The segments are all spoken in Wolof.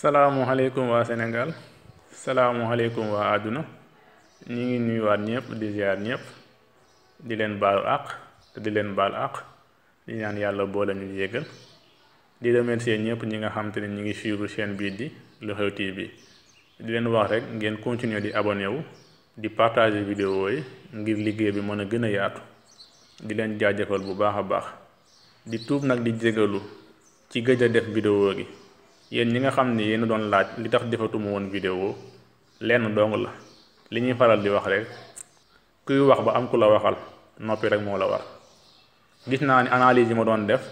salaamualeykum waa Sénégal salaamualeykum waa àdduna ñu ngi waat ñëpp di jaar ñëpp di leen baalu àq te di leen baal àq di ñaan yàlla boole ñu yéggal di remercier ñëpp ñi nga xam te ne ñu ngi suivre seen biir di Lu Xew TV di leen wax rek ngeen continuer di abonné di partager vidéo yi ngir liggéey bi mën a gën a yaatu di leen jaajëfal bu baax a baax di tuub nag di jégalu ci gëj a def vidéo gi. yéen ñi nga xam ne yéen doon laaj li tax defatuma woon vidéo lenn dong la li ñuy faral di wax rek kuy wax ba am ku la waxal noppi rek moo la war gis naa ni analyse yi ma doon def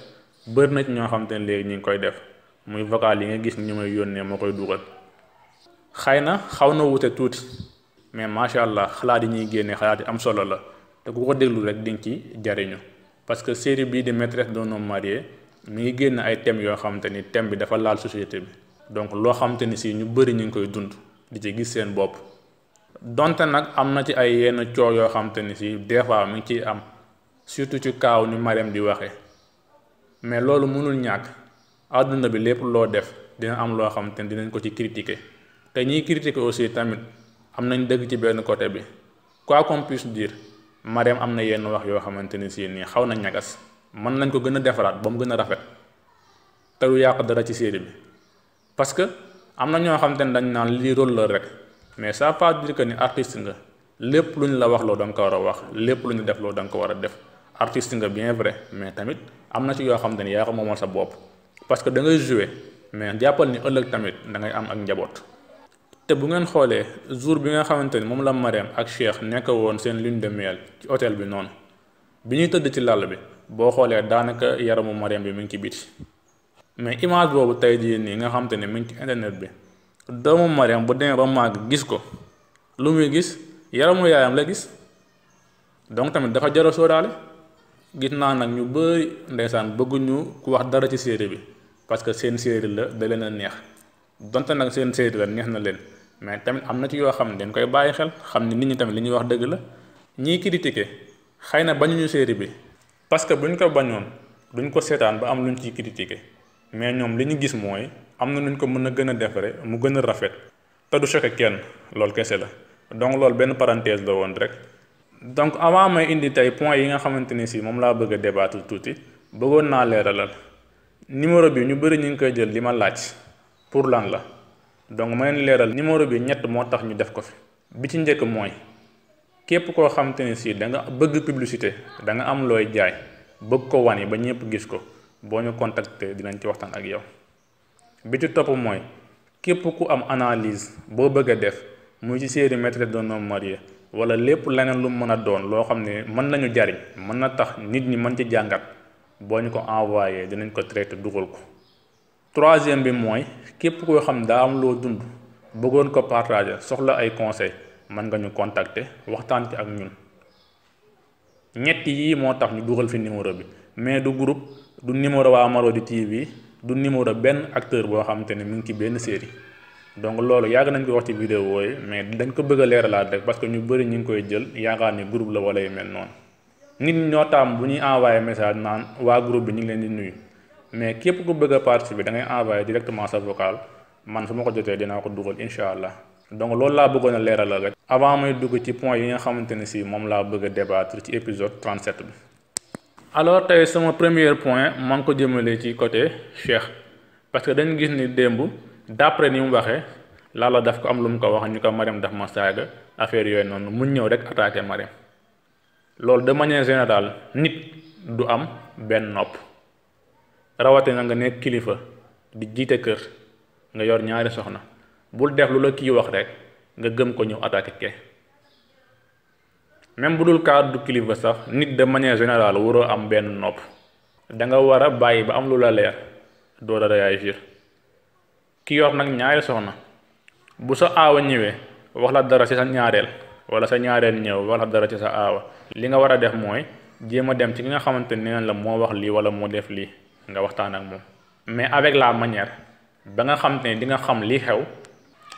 bëri na ci ñoo xam te ne léegi ñu ngi koy def muy vocal yi nga gis ñu may yónnee moo koy dugal xëy na xaw na wute tuuti mais macha allah xalaat yi ñuy génne xalaat yi am solo la te ku ko déglu rek dinga ci jariñu parce que série bii di maîtresse d'un homme marié mi ngi génn ay thèmes yoo xamante ni thème bi dafa laal société bi donc loo xamante ni sii ñu bëri ñu ngi koy dund di ci gis seen bopp donte nag am na ci ay yenn coow yoo xamante ni si des fois mi ngi ciy am surtout ci kaaw ni Marème di waxee mais loolu mënul ñàkk àdduna bi lépp loo def dina am loo xamante ni dinañ ko ci critiquer te ñiy critiquer aussi tamit am nañ dëgg ci benn côté bi quoi qu'on puisse dire Marème am na yenn wax yoo xamante ni si nii xaw na ñagas. mën nañ ko gën a defaraat ba mu gën a rafet te du yàq dara ci série bi parce que am na ñoo xam te ne dañ naan lii rôle rek mais ça pas dire ni artiste nga lépp lu ñu la wax loo da ko war a wax lépp lu ñu def loo da ko war a def artiste nga bien vrai mais tamit am na ci yoo xam te ni yaa ko moomal sa bopp parce que da ngay jouer mais jàppal ni ëllëg tamit dangay am ak njaboot. te bu ngeen xoolee jour bi nga xamante ni moom la Marème ak Cheikh nekk woon seen lune de miel ci hôtel bi noonu bi ñuy tëdd ci làll bi. boo xoolee daanaka yaramu Mariam bi mi ngi ci biti mais image boobu tey jii nii nga xam te ne mu ngi ci internet bi doomu Mariam bu demee ba màgg gis ko lu muy gis yaramu yaayam la gis donc tamit dafa jar a sóoraale gis naa nag ñu bëri ndeysaan bëgguñu ku wax dara ci série bi parce que seen série la da leen a neex donte nag seen série la neex na leen mais tamit am na ci yoo xam ne dañ koy bàyyi xel xam ne nit ñi tamit li ñuy wax dëgg la ñiy critiquer xëy na bañuñu série bi. parce que ñu ko bañoon duñ ko seetaan ba am lu ñu ciy critiqué mais ñoom li ñu gis mooy am na nuñ ko mën a gën a defaree mu gën a rafet te du choqué kenn loolu kese la donc loolu benn parenthèse la woon rek donc avant may indi tey point yi nga xamante ni si moom laa bëgg a débattre tuuti bëggoon naa leeralal numéro bi ñu bëri ñu ngi koy jël li ma laaj pour lan la donc ma leen leeral numéro bi ñett moo tax ñu def ko fi bi ci njëkk mooy képp koo xam te ne si da nga bëgg publicité danga am looy jaay bëgg ko wane ba ñëpp gis ko boo ñu contacter dinañ ci waxtaan ak yow bi ci topp mooy képp ku am analise boo bëgg a def muy ci série Maîtresse d'un homme marié wala lépp leneen lu mën a doon loo xam ne mën nañu jariñ mën na tax nit ñi mën ci jàngat boo ñu ko envoyé dinañ ko traité dugal ko troisième bi mooy képp koo xam daa am loo dund bëggoon ko partager soxla ay conseil mën nga ñu contacter waxtaan ki ak ñun ñetti yii moo tax ñu dugal fi numéro bi mais du groupe du numéro waa Marodi TV du numéro benn acteur boo xam ne mu ngi ci benn série donc loolu yàgg nañ ko wax ci vidéo yi mais dañ ko bëgg a leeralaat rek parce que ñu bëri ñu ngi koy jël yaakaar ni groupe la wala yu mel noonu nit ñoo taam bu ñuy envoyé message naan waa groupe bi ñu ngi leen di nuyu mais képp ku bëgg a bi da ngay envoyé directement sa vocal man su ma ko jotee dinaa ko dugal incha allah. donc loolu laa bëggoon leeral avant mooy dugg ci point yi nga xamante ne si moom laa bëgg a débattre ci épisode 37 bi alors tey sama première point maa ngi ko jëmale ci côté Cheikh parce que dañu gis ni démb d'après ni mu waxee Lalla daf ko am lu mu ko wax ñu ko Marème daf ma saaga affaire yooyu noonu mu ñëw rek attaqué Marème loolu de manière générale nit du am benn nopp rawatina nga ne kilifa di jiite kër nga yor ñaari soxna bul def lu la kii wax rek nga gëm ko ñëw attaqué ke même bu dul cadre kilifa sax nit de manière générale waroo am benn nopp da nga war a bàyyi ba am lu la leer door a réagir ki yor nag ñaari soxna bu sa aawa ñëwee wax la dara ci sa ñaareel wala sa ñaareel ñëw wax la dara ci sa aawa li nga war a def mooy jéem a dem ci ki nga xamante ne la moo wax lii wala moo def lii nga waxtaan ak moom mais avec la manière ba nga xam ne di nga xam lii xew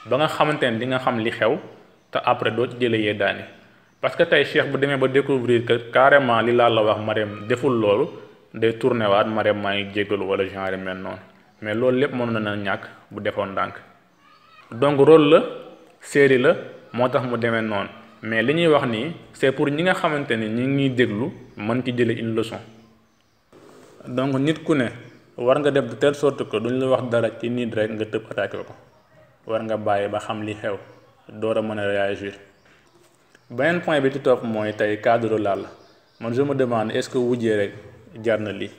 ba nga xamante ne di nga xam li xew te après doo ci jëlee yee daane parce que tey Cheikh bu demee ba décovrir que carrément li laal la wax Marème deful loolu day tourné waat Marème maa ngi jégalu wala genre mel noonu mais loolu lépp mënoon na ñàkk bu defoon ndànk donc rôle la série la moo tax mu demee noonu mais li ñuy wax nii c'est pour ñi nga xamante ni ñi ngi déglu mën ci jëlee une leçon donc nit ku ne war nga def de telle sorte que duñu la wax dara ci nit rek nga tëb attaqué ko war nga bàyyi ba xam li xew door a mën a réagir beneen point bi ci topp mooy tey cadre laal man je me demande est-ce que wujjee rek jar na lii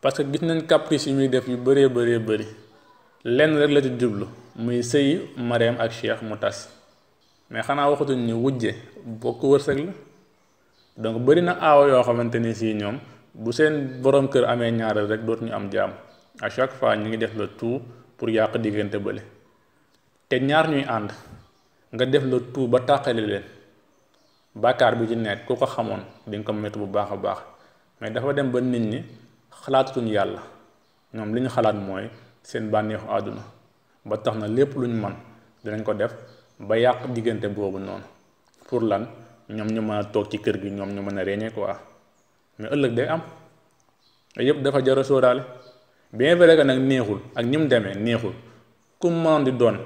parce que gis nañ caprice yi muy def yu bëree bëree bëri lenn rek la ci jublu muy sëyi Marème ak Cheikh mu tas mais xanaa waxatuñ ni wujje bokk wërsëg la donc bëri na aawa yoo xamante ni si ñoom bu seen borom kër amee ñaareel rek dootuñu am jaam a chaque fois ñu ngi def le tout pour yàq diggante bële. te ñaar ñuy ànd nga def la tout ba tàqale leen bàkkaar bi ci nekk ku ko xamoon di nga ko métti bu baax a baax mais dafa dem ba nit ñi xalaatuñ yàlla ñoom li ñu xalaat mooy seen bànneexu àdduna ba tax na lépp lu ñu man dinañ ko def ba yàq diggante boobu noonu pour lan ñoom ñu mën a toog ci kër gi ñoom ñu mën a reñee waa mais ëllëg day am yëpp dafa jar a sóoraale bien vrai que nag neexul ak ñi mu demee neexul ku mu mënoon di doon.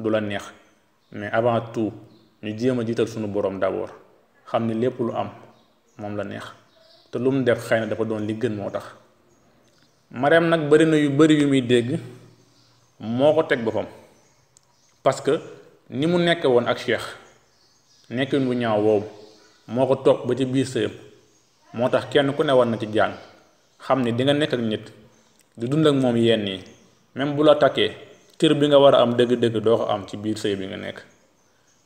du la neex mais avant tout ñu jéem a jiital sunu borom d'abord xam ni lépp lu am moom la neex te lu mu def xëy na dafa doon li gën moo tax Mariam nag bari na yu bari yu muy dégg moo ko teg boppam parce que ni mu nekk woon ak Cheikh nekkin bu ñaaw woowu moo ko toog ba ci biir sëyam moo tax kenn ku ne war na ci jàng xam ni di nekk ak nit di dund ak moom yenn yi même bu la takkee cër bi nga war a am dëgg dégg doo ko am ci biir sëy bi nga nekk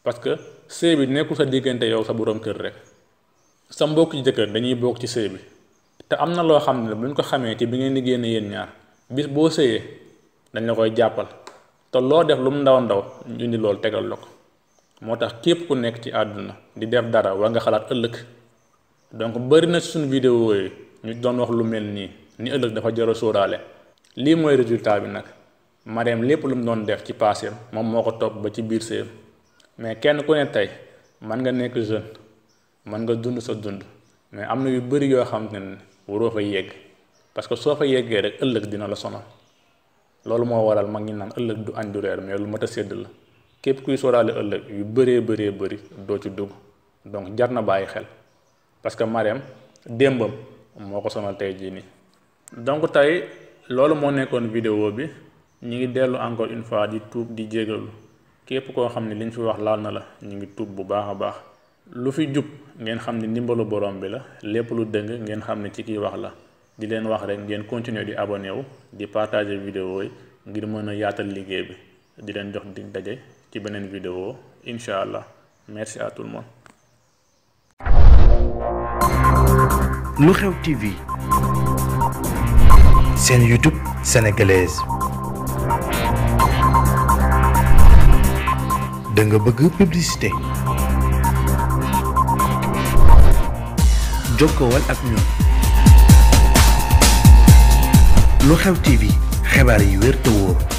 parce que sëy bi nekkul sa diggante yow sa boroom kër rek sa mbokk jëkkër dañuy bokk ci sëy bi te am na loo xam ne bu ñu ko xamee ci bi ngeen di génn yéen ñaar bis boo sëyee dañ la koy jàppal te loo def lu mu ndaw ndaw ñu indi loolu tegal la ko moo tax képp ku nekk ci àdduna di def dara war nga xalaat ëllëg donc bëri na suñu vidéo yi ñu doon wax lu mel nii ni ëllëg dafa jar a sóoraale lii mooy résultat bi nag Marème lépp lu mu doon def ci passé moom moo ko topp ba ci biir séem mais kenn ku ne tey man nga nekk jeune mën nga dund sa dund mais am na yu bëri yoo xam ne waroo fa yegg parce que soo fa yeggee rek ëllëg dina la sonal loolu moo waral mag ñi naan ëllëg du añ mais lu mat a sédd la képp kuy sóoraale ëllëg yu bëree bëree bëri doo ci dugg donc jar na bàyyi xel parce que Marème démbam moo ko sonal tey jii nii donc tey loolu moo nekkoon vidéo bi. ñu ngi dellu encore une fois di tuub di jégalu képp koo xam ne liñ fi wax laal na la ñu ngi tuub bu baax a baax lu fi jub ngeen xam ne ndimbalu borom bi la lépp lu dëng ngeen xam ne ci kiy wax la di leen wax rek ngeen continuer di abonné wu di partager vidéo yi ngir mën a yaatal liggéey bi di leen jox di daje ci beneen vidéo incha allah merci à tout le monde. lu xew da nga bëgg publicité jokkool ak ñun lu xew TV xibaar yi wér te